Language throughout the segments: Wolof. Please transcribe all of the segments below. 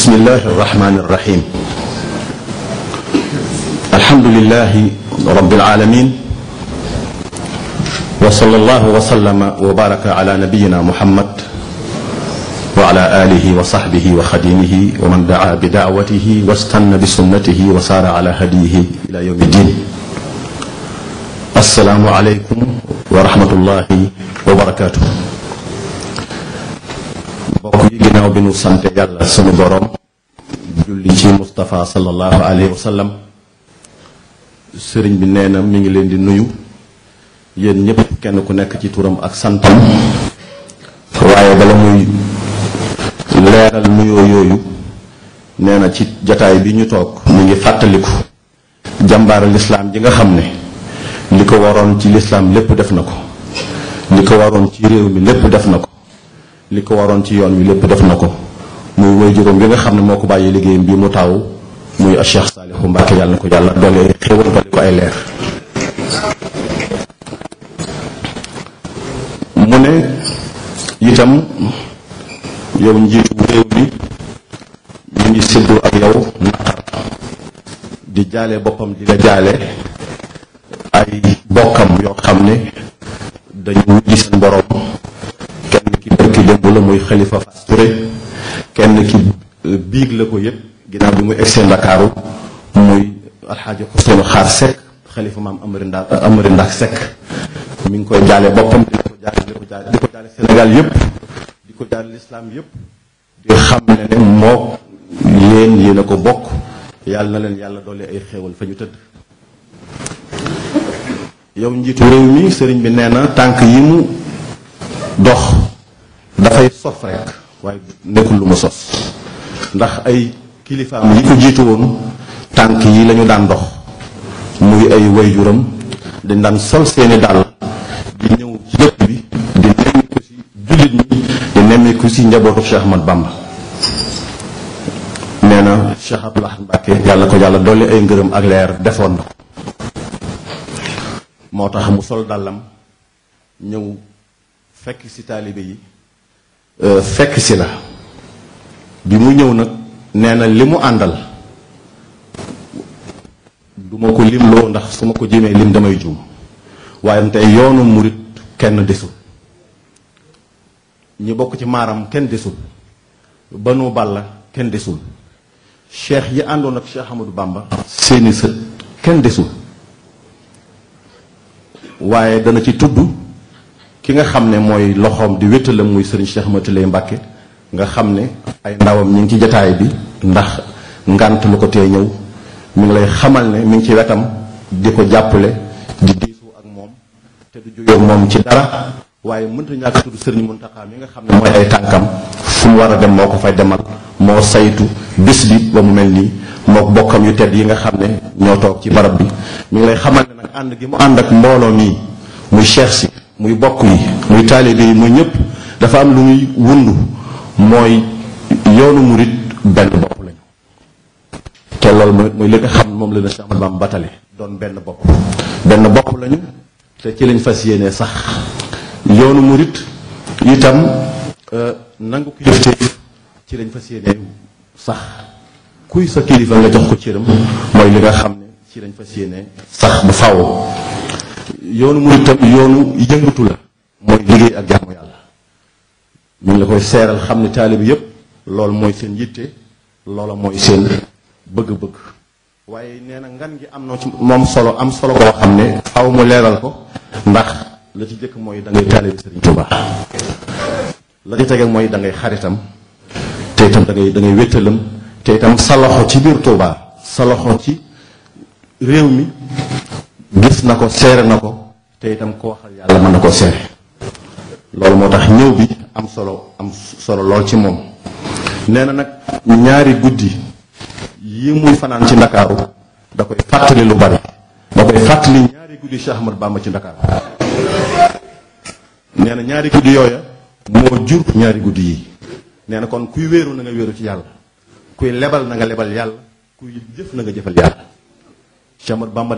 بسم الله الرحمن الرحيم الحمد لله رب العالمين وصلى الله وسلم وبارك على نبينا محمد وعلى آله وصحبه وخديمه ومن دعا بدعوته واستنى بسنته وسار على هديه إلى يوم الدين السلام عليكم ورحمة الله وبركاته yi ginnaaw bi nu sant yàlla suñu boroom julli ci Moustapha sallallahu alayhi wa sallam sëriñ bi nee na mi ngi leen di nuyu yéen ñëpp kenn ku nekk ci turam ak santam waaye bala muy leeral nuyoo yooyu nee na ci jataay bi ñu toog mu ngi fàttaliku jàmbaar lislaam ji nga xam ne li ko waroon ci lislaam lépp def na ko li ko waroon ci réew mi lépp def na ko li ko waroon ci yoon wi lépp def na ko muy woy juróom bi nga xam ne moo ko bàyyi liggéeyam bi mu taw muy Cheikh Saalihu Mbacke yàlla na ko yàlla doole ko ay leer mu ne itam yow njiitu réew mi ñu ngi séddoo ak yow naqar di jaale boppam di la jaale ay bokkam yoo xam ne dañu wujji seen borom la muy Khalifa Fass Touré kenn ki biig la ko yëpp ginnaaw bi muy egsee Ndakaaru muy alxaaji Ousseynou Xaar Seck xalifa maam Amari Ndak Amari Ndak Seck mi ngi koy jaale boppam di ko jaale di ko jaale di ko jaale Sénégal yëpp di ko jaale lislaam yëpp di xam ne ne moo yéen yéen a ko bokk yàlla na leen yàlla doole ay xéewal fa ñu tëdd yow njiitu réew mi sëriñ bi nee na tànk yi mu dox dafay sof rek waaye nekkul lu mu sos ndax ay kilifaam yi ko jiitu woon tànk yi lañu daan dox muy ay wayjuram dañ daan sol seeni dàll di ñëw ci bi di nemmeeku ci jullit ñi di nemmeeku ci njabootu Cheikh Ahmad Bamba nee na Cheikh Abdou Lahad Mbacké yàlla ko yàlla doole ay ngërëm ak leer defoon na ko moo tax mu sol dàllam ñëw fekk ci taalibe yi Euh, fekk si la bi mu ñëw nag nee na li mu àndal du ma ko lim loo ndax su ma ko jëmee lim damay juum waaye tey yoonu murit kenn desul ñu bokk ci maaram kenn desul banu balla kenn desul cheikh yi àndoon ak Cheikh Amadou Bamba seeni sët kenn desul waaye dana ci tudd ki nga xam ne mooy loxoom di wéttalam muy sëriñ Cheikh Matulay Mbàkke nga xam ne ay ndawam ñu ngi ci jataay bi ndax ngant lu ko te ñëw mi ngi lay xamal ne mi ngi ci wetam di ko jàppale di diisoo ak moom te du jóge moom ci dara waaye mënta ñàkk tudd sëriñ Muntaxa mi nga xam ne mooy ay tànkam fu mu war a dem moo ko fay demal moo saytu bis bi ba mu mel nii mook bokkam yu tedd yi nga xam ne ñoo toog ci barab bi mi lay xamal ne nag ànd gi mu ànd ak mbooloo muy bokk yi muy bi yi muy ñëpp dafa am lu muy wundu mooy yoonu murit benn bopp lañu te lool mooy mooy li nga xam moom la na Cheikh batale doon benn bopp benn bopp lañu te ci lañ fas yéene sax yoonu murit itam euh, nangu kilifteef ci lañ fas yéene sax kuy sa kilifa nga jox ko cëram mooy li nga xam ne ci lañ fas yéene sax bu faw yoonu muy tam yoonu yëngatu la mooy liggéey ak jaamu yàlla ñu la koy seeral xam ne taalib yépp loolu mooy seen yitte loola mooy seen bëgg-bëgg waaye nee na ngan gi am na ci moom solo am solo koo xam ne faaw mu leeral ko ndax la ci jëkk mooy da ngay taalib Sëriñ Tuubaa la ci tege mooy dangay xaritam te itam dangay ngay da ngay te itam sa loxo ci biir Tuubaa sa loxo ci réew mi gis na ko seere na ko te itam ko waxal yàlla mën na ko seere loolu moo tax ñëw bi am solo am solo lool ci moom nee na nag ñaari guddi yi muy fanaan ci ndakaaru da koy fàttali lu bari da koy fàttali ñaari guddi Cheikh Ahmad ci ndakaaru nee na ñaari guddi yooya moo jur ñaari guddi yi nee na kon kuy wéeru na nga wéeru ci yàlla kuy lebal na nga lebal yàlla kuy jëf na nga jëfal yàlla Cheikh Ahmad Bamba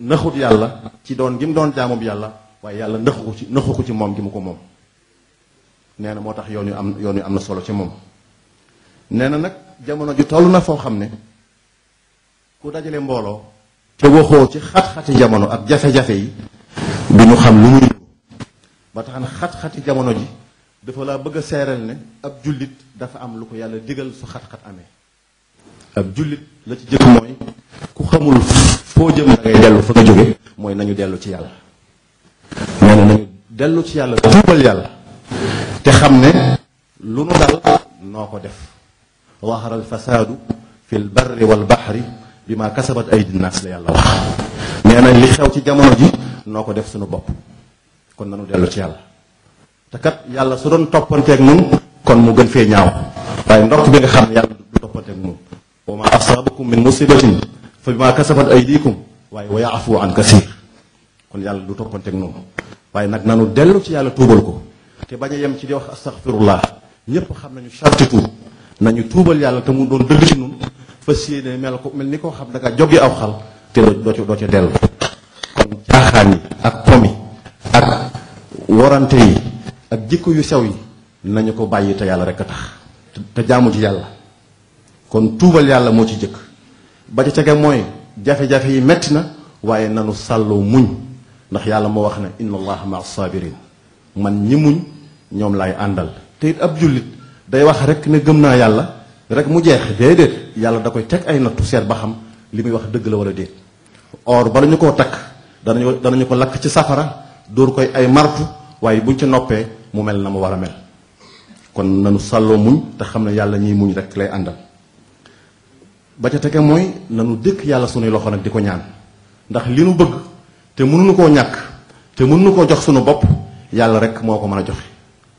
nëxut yàlla ci doon gi mu doon jaamub yàlla waaye yàlla nëxu ko ci nëxu ko ci moom gi mu ko moom nee na moo tax yoon yu am yoon yu am na solo ci moom nee na nag jamono ji toll na foo xam ne ku dajale mbooloo te waxoo ci xat-xati jamono ak jafe-jafe yi du ñu xam lu muy ba tax na xat-xati jamono ji dafa laa bëgg a seeral ne ab jullit dafa am lu ko yàlla digal su xat-xat amee ab jullit la ci jëkk mooy ku xamul foo jëm da ngay dellu fa nga jóge mooy nañu dellu ci yàlla nee na nañu dellu ci yàlla tuubal yàlla te xam ne lu nu dal noo ko def waxara fasadu fi lbarri walbaxri bi ma kasabat aydi naas la yàlla wax nee na li xew ci jamono ji noo ko def suñu bopp kon nañu dellu ci yàlla te kat yàlla su doon toppanteeg nun kon mu gën fee ñaaw waaye ndox bi nga xam ne yàlla du toppanteeg nun wa ma asabakum min musibatin fa bi kasabat aydikum way wa yaafu an kaseer kon yalla du ak non way nak nanu delu ci yalla tobal ko te baña yam ci di wax astaghfirullah ñepp xam nañu charti nañu tobal yalla te mu doon deug ci nun fasiyene yéene mel ko melni ko xam da nga aw xal te do ci do ci del kon jaxani ak pomi ak warante yi ak jikko yu sew yi nañu ko bayyi te yalla rek tax te jaamu ci yalla kon tobal yalla mo ci jekk ba ca tege mooy jafe-jafe yi metti na waaye nanu sàlloo muñ ndax yàlla moo wax ne inna allaha maa sabirin man ñi muñ ñoom laay àndal te it ab jullit day wax rekk ne gëm naa yàlla rek mu jeex déedéet yàlla da koy teg ay nattu seet ba xam li muy wax dëgg la wala déet or bala ñu koo takk danañu danañu ko lakk ci safara dóor koy ay martu waaye buñ ci noppee mu mel na mu war a mel kon nanu sàlloo muñ te xam ne yàlla ñiy muñ rek lay àndal ba ca tege mooy nanu dëkk yàlla sunuy loxo nag di ko ñaan ndax li nu bëgg te mënuñu koo ñàkk te mënuñu koo jox sunu bopp yàlla rek moo ko mën a joxe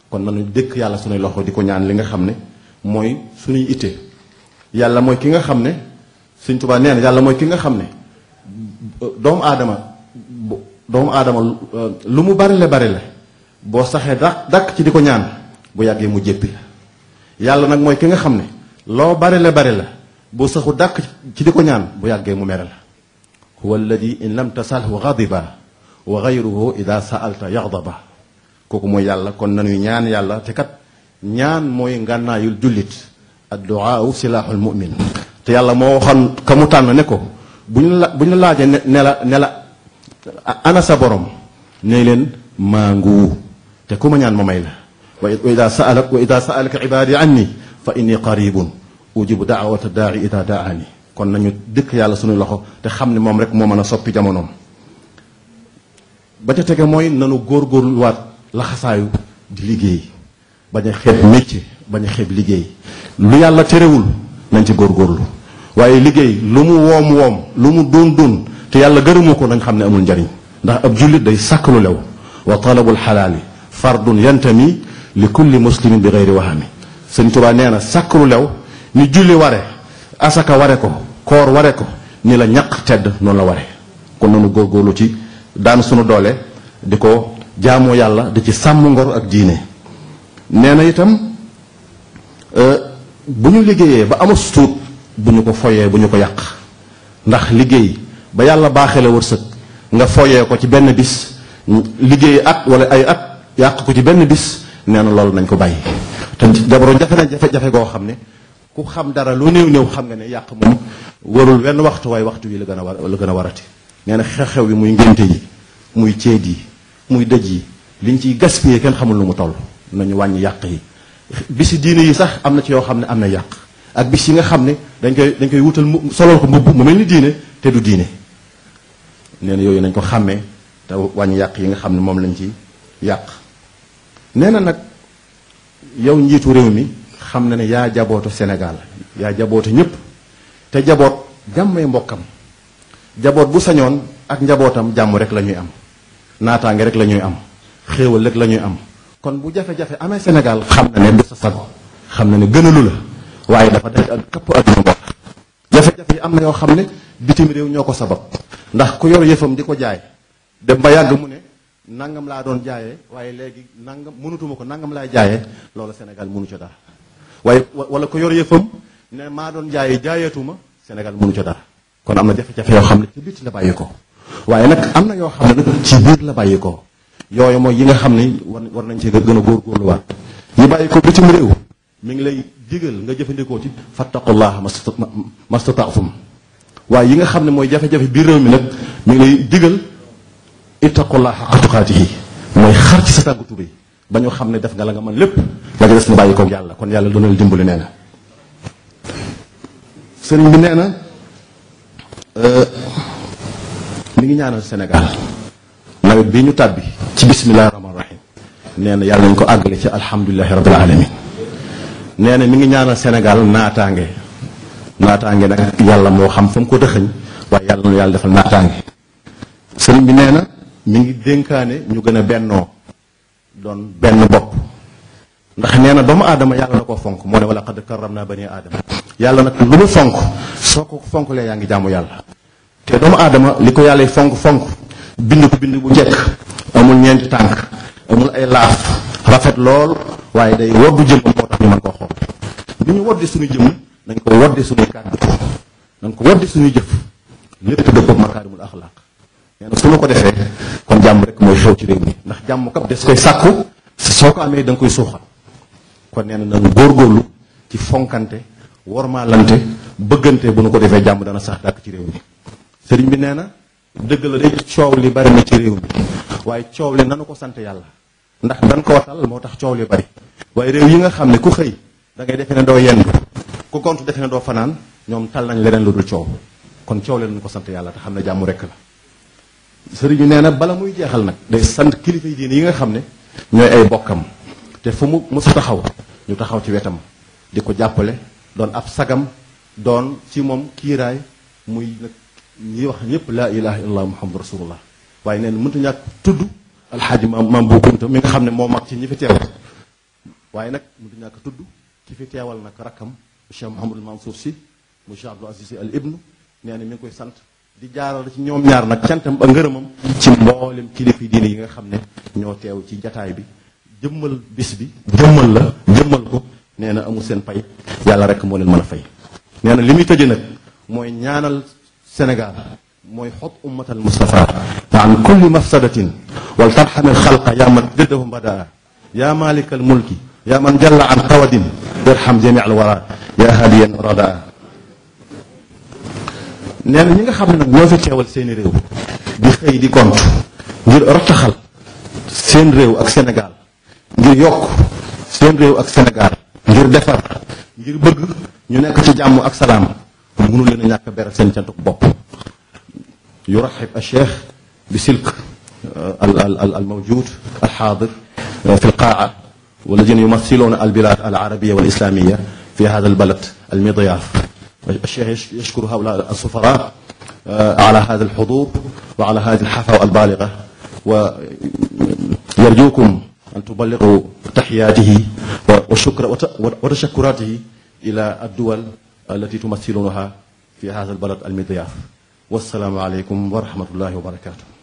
kon nanu dëkk yàlla sunuy loxo di ko ñaan li nga xam ne mooy sunuy itte yàlla mooy ki nga xam ne Sëñ Tuubaa yàlla mooy ki nga xam ne doomu aadama doomu aadama lu mu bari la bari la boo saxee dàq dàq ci di ko ñaan bu yàggee mu jéppi la yàlla nag mooy ki nga xam ne loo bari la bari la بوسخو داك كي ديكو نان بو ياغي مو ميرال هو الذي ان لم تساله غضب وغيره اذا سالت يغضب كوكو مو يالا كون نانوي نان يالا تي كات نان موي غانا يول جوليت الدعاء سلاح المؤمن تي يالا مو وخان كامو تان نيكو بوني بوني لاجي نلا نلا انا سا بوروم نيلن مانغو تي كوما نان مو مايلا واذا سالك واذا سالك عبادي عني فاني قريب ujibu daawata daa'i ida daani kon nañu dëkk yàlla suñu loxo te xam ne moom rek moo mën a soppi jamonoom ba ca tege mooy nanu góorgóorluwaat laxasaayu di liggéey bañ a xeeb métier bañ a xeeb liggéey lu yàlla terewul nañ ci góorgóorlu waaye liggéey lu mu woom woom lu mu doon doon te yàlla gërëmu ko nañ xam ne amul njariñ ndax ab jullit day sàkk lu lew wa talabul xalaali fardun yantami li kulli muslimin bi gayri wahami sëñ Tuubaa nee na sàkk lu lew ni julli waré asaka waré ko koor waré ko ni la ñak tedd non la waré ko nonu gogolu ci daan suñu doole diko jaamu yalla di ci sam ngor ak diiné néna itam euh buñu liggéeyé ba amu tuut buñu ko foyé buñu ko yaq ndax liggéey ba yalla baxélé wërseuk nga foyé ko ci benn bis liggéey at wala ay at yaq ko ci benn bis néna lool nañ ko bayyi tan jabaro jafé jafé jafé go xamné ku xam dara lu néew new xam nga ne yàq moom warul wenn waxtu waaye waxtu wi la gën a war la gën a warati nee na xew-xew yi muy ngénte yi muy ceet yi muy dëj yi liñ ciy gaspillé kenn xamul lu mu toll nañu wàññi yàq yi bisi diine yi sax am na ci yoo xam ne am na yàq ak bis yi nga xam ne dañ koy dañ koy wutal mu solol ko mbubb mu mel ni diine te du diine nee yooyu nañ ko xàmmee te wàññi yàq yi nga xam ne moom lañ ci yàq nee na nag yow njiitu réew mi xam na ne yaa jabootu Sénégal yaa jabootu ñëpp te jaboot jàmmay mbokkam jaboot bu sañoon ak njabootam jàmm rek la ñuy am naataange rek la ñuy am xéewal rek lañuy am kon bu jafe-jafe amee Sénégal xam na ne xam na ne gënalu la waaye dafa daj ak këpp adduna yi am na yoo xam ne bitim réew ñoo ko sabab ndax ku yor yëfam di ko jaay dem ba yàgg mu ne nangam laa doon jaayee waaye léegi nangam mënutuma ko nangam laay jaayee loolu Sénégal mënu ca dara waaye wala ko yor yëfam ne maa doon jaay jaayatuma Sénégal mënu ca dara kon am na jafe-jafe yoo xam ne ci bitti la bàyyi waaye nag am na yoo xam ne ci biir la bàyyi ko yooyu mooy yi nga xam ni war war nañ ci gën a góor góorgóorluwaat yi bàyyi ko bitim réew mi ngi lay digal nga jëfandikoo ci fattaqullaha mastataatum waaye yi nga xam ne mooy jafe-jafe réew mi nag mi ngi lay digal ittaqullaha xaqatuqaatihi mooy xar ci sa tànku tubéy ba ñu xam ne def nga la nga man lépp la des ñu bàyyi ko yàlla kon yàlla doon na la dimbali nee na. sëriñ bi nee na euh, ngi ñaanal senegal nawet bii ñu tàbbi ci bisimilah rahmaani rahim nee na ko àggale ci alhamdulilahi rabil alamin mi ngi ñaanal Sénégal naataange naataange nag yàlla moo xam fa koo ko dëxëñ waaye yàlla na yàlla defal naataange. sëriñ bi nee na mi ngi dénkaane ñu gën a bennoo doon benn bopp. ndax neena doomu aadama yàlla da koo fonk moo ne wala xad karam bani aadama yàlla nag lu mu fonk soo ko fonkulee yaa ngi jaamu yàlla te doomu aadama li ko yàlla fonk fonk bind ko bind bu njëkk amul ñeenti tànk amul ay laaf rafet lool waaye day woddu jëm moo tax ñu mën koo xool ni ñu woddi suñu jëm nañ ko woddi suñu kàddu nañ ko woddi suñu jëf lépp dëppoo makaarimul axlaaq nee na su ma ko defee kon jàmm rek mooy xew ci réew mi ndax jàmm kap des koy sàkku soo ko amee da nga koy suuxal kon nee na góor góorlu ci fonkante wormaalante bëggante bu nu ko defee jàmm dana sax dàkk ci réew mi sëriñ bi nee na dëgg la de coow li bari na ci réew mi waaye coow li nanu ko sant yàlla ndax dan ko watal moo tax coow li bari waaye réew yi nga xam ne ku xëy da ngay defe ne doo yendu ku gont defe ne doo fanaan ñoom tal nañ leneen lu dul coow kon coow li nañu ko sant yàlla te xam ne jàmm rekk la sëriñ bi nee na bala muy jeexal nag day sant kilifa yi yi nga xam ne ñooy ay bokkam te fu mu musu taxaw ñu taxaw ci wetam di ko jàppale doon ab sagam doon ci moom kiiraay muy nag ñi wax ñëpp laa ilaha illallah muhammadu rasulullah waaye nee na mënta ñàkk tudd alxaaji maam maam bu kunta mi nga xam ne moo mag ci ñi fi teewal waaye nag mënta ñàkk tudd ki fi teewal nag rakkam cheikh mahamadul mansour si mu cheikh abdul aziz al ibnu nee na mi ngi koy sant di jaaral ci ñoom ñaar nag cantam ba ngërëmam ci mboolem kilifa diine yi nga xam ne ñoo teew ci jataay bi jëmmal bis bi jëmmal la nee na amul seen pay yàlla rek moo leen mën a fay nee na li muy tëje nag mooy ñaanal Sénégal mooy xot ummat al Mustafa an kulli mafsadatin wal tarxam al xalqa yaa man jëddahum badaa yaa malik al mulki yaa man jalla an qawadin irham jami al wara yaa hadiyan radaa nee na ñi nga xam ne nag ñoo fi teewal seeni réew di xëy di kont ngir rattaxal seen réew ak Sénégal ngir yokk seen réew ak Sénégal ngir defar ngir bëgg ñu nekk ci jàmm ak salaam mënu leen a ñàkk beral seen cantuk bopp yuraxib al cheikh bi silk al al mawjud al hadir fi lqaa والذين يمثلون البلاد العربية والإسلامية في هذا البلد المضياف الشيخ يشكر هؤلاء السفراء على هذا الحضور وعلى هذه الحفاوة البالغة ويرجوكم أن تبلغوا تحياته وشكر وتشكراته إلى الدول التي تمثلونها في هذا البلد المضياف والسلام عليكم ورحمة الله وبركاته